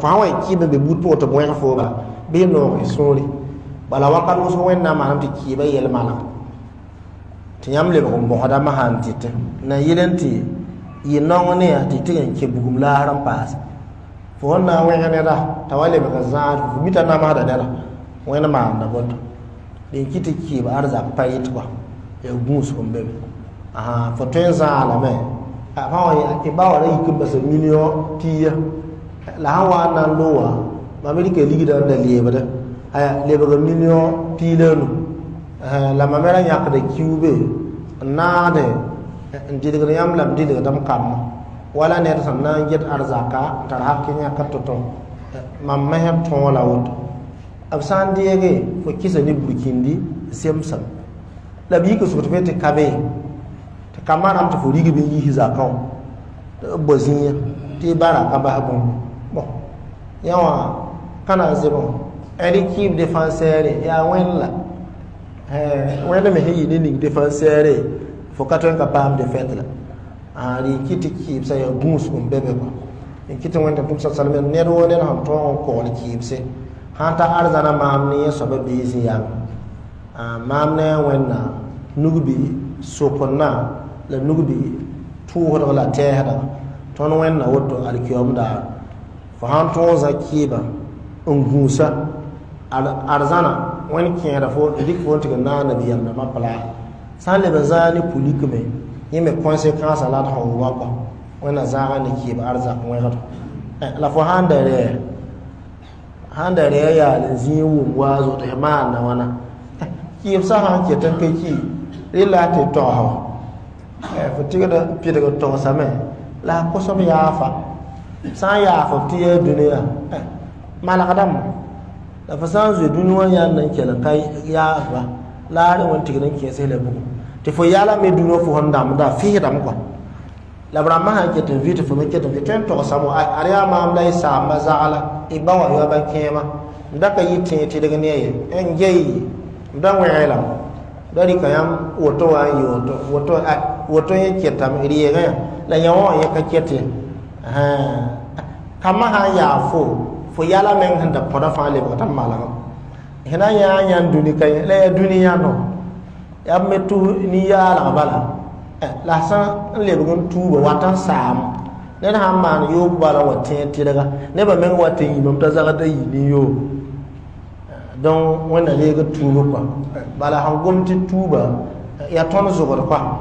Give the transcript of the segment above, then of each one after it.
fa wa kibe be but poto mo ya foba be no sori bala wa kan so wen na ma hamti kibe yel mala ti yam le ko mo hada ma hanti te na yelenti yi nongo ne ya ti tigen ke bugum la haram pas fo na wen ne da tawale be ka za mita na ma da da wen ma na boto din kiti kibe arza payit kwa ya gumus ko mbebe aha fo tenza ala me a fa wa ya ke ba wa ra yikin basa miliyon tiya lahan wa nan lo wa mamedi ke ligi dan da lieba da aya lieba ga minio pilenu eh, la mamera nyak da kiube naade eh, ndidi ga yam lam didi ga dam kam wala ne ta sanna jet arzaka tar hakkinya kattoto eh, mamme he ton la wot absan diege fo kisa ni burkindi semsam la bi ko sotbete kabe te kamara am to fo ligi be yi hiza kaw bozinya te bara ka ba bon bon yawa kana zibon eliki defan sere ya wenla na eh, wena me hiji ni defan sere fokaton ka pam de fetla ari kiti ki sa gus kum bebe ba in kiti wanda tum sa salmen ne do ne han se han ta arzana mam ni so be si ya mam ne fo sãn tõog zakɩɩba n gũusa ad zãna wẽnd kẽeda fo dɩk fo n tɩg n naan nabiyam dãmbã pelaa sã n leb n zaa ne pulikme yẽ me conséquence la d sẽn wapa wẽnna zaaga ne kɩɩb arzak wẽgd la fo sãn da rɛɛ sãn da rɛɛ yaal n zĩig wʋm waazo tɩ f maanda wãna kɩɩb sã sãn ket n pe kɩ rɩla tɩ togsg fo tɩgd pɩdg togsame la a kʋsb yaafa san ya ti yɛ duniya ɛ eh, malakadam dafa san zuyi duniya ya nan kɛlɛ ka ya ba laari wani tigi ke sai sɛlɛ bugu ti fo la me duniya fo hɔn da daa fihi mu kɔ labara ma han kɛ tin vi ti fo mi tin vi tɛn tɔgɔ samu ari a maa bila yi sa ma zaɣala i ba wa yɔ ba ke ma da ka yi tiɲɛ ti digi ne ye n jɛ yi n da ŋmɛɛ la dari ka yam woto wa yi woto woto woto yi ke tam iri yɛ ka yɛ la yɛ wɔn ka kɛ ten. kama ha ya fo fo yala men handa poda fa le bota mala ko hina ya nya duni kai le duniya no ya metu ni ya la bala la san le bugun tuba watan sam ne na man yo bala wate ti daga ne ba men wate yi mum ta zaga dai ni yo don wannan ne ga tuba kwa bala han gumti tuba ya ton zugor kwa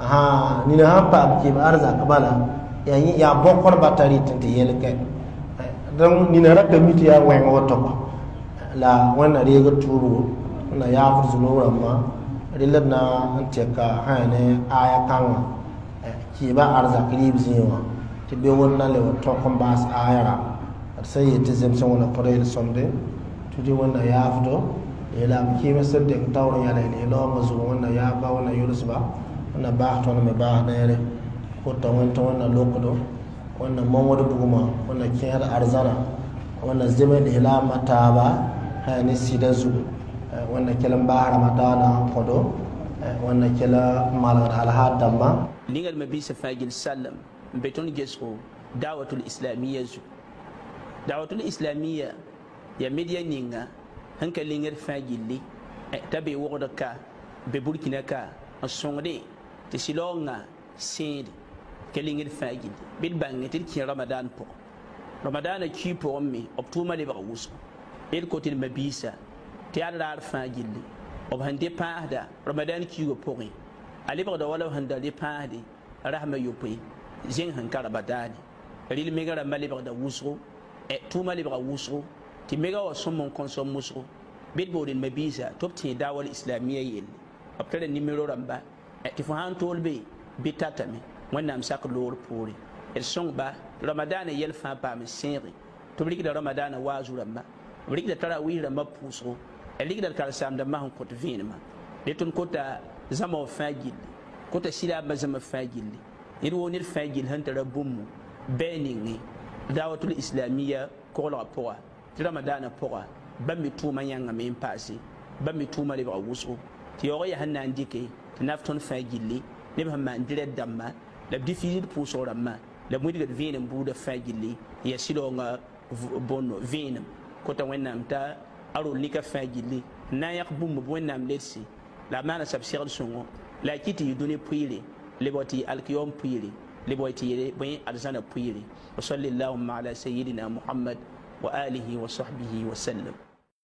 aha ni na ha pa ke ba arzaka bala yayi ya bokor batari tinte yelke don nina rakka miti ya wen wato la wana rega turu na ya fursu no ma rilad na anteka hane aya kama ki ba arzakri bizinwa ti be wonna le woto ko bas ayara sai yete zemsen wona kodel somde tudi wonna yafdo ila kima sedde tawro yala ni lo mazu wonna ya ba wonna yulus ba wonna ba to me ba na yare hutta wanta wannan lokudo wannan mawar buguma wannan kiyar arzana wannan da ila mata ba hani eh, sidazu eh, wannan kilan ba mata na kodo eh, wannan kila malar alhatan ba ningal mabi safagil sallam beton gesko dawatul islamiyya zu dawatul islamiyya ya midiya ninga hankalin yar fagilli ta bai wadda ka bai burkina ka a songde ta silonga sindi kelingd fãa gilli bɩd bãngẽ tɩ d ramadan pʋgẽ ramadaanã kii pʋgẽ me b tʋʋma lebg wʋsgo d kot d mabiisa tɩ yaa d raar fãa gilli b sẽn dɩ pãasda ramadan kiigã pʋgẽ a lebgda wala b sẽn da dɩ pãasde rasmã yopoe zẽng sẽn ka ramadaane rɩl meg rãmbã lebgda wʋsgo tʋʋma lebga wʋsgo mega wa sõm n kõn sõm wʋsgo bɩd bood d mabiisa tɩ b tẽ daawal islamia yelle b tara nimero rãmba tɩ fo sã n tool be wẽnnaam sak loor poore d sõngba ramadaana yɛl fãa paam n sẽege tɩ b rɩkda ramadaana waazu rãmba b rɩkda tarawɩɩs rãmbã pʋʋsgo d rɩkda d karsaamda masẽn kõt vẽenemã de tõnd kota zãma b fãa gilli kota sɩlaambã zãma fãa gilli ned woo ned fãa gill sẽn tara bũmb bɛɛ ninge dawatul islamiya koglga pʋga tɩ ramadaana pʋga bãmb me tʋʋmã yãngame n paase bãmb me tʋʋmã lebga wʋsgo tɩ yaoog yaa sẽn na n dɩke tɩ naf tõnd fãa gilli neb sẽn maan dɩrɛ dãmba la b difiisil la main la le de vin en gilli de sɩlonga bõn vẽenem kota wẽnnaam t'a a rol nika na n yãk bũmb la mana à sab la a les tɩ y dũni pʋɩɩre lebg tɩ yɩ alkiyoom la lebg tɩ na Muhammad wa salli llahuma ala sayidina muhammad wa alihi wa wa sallam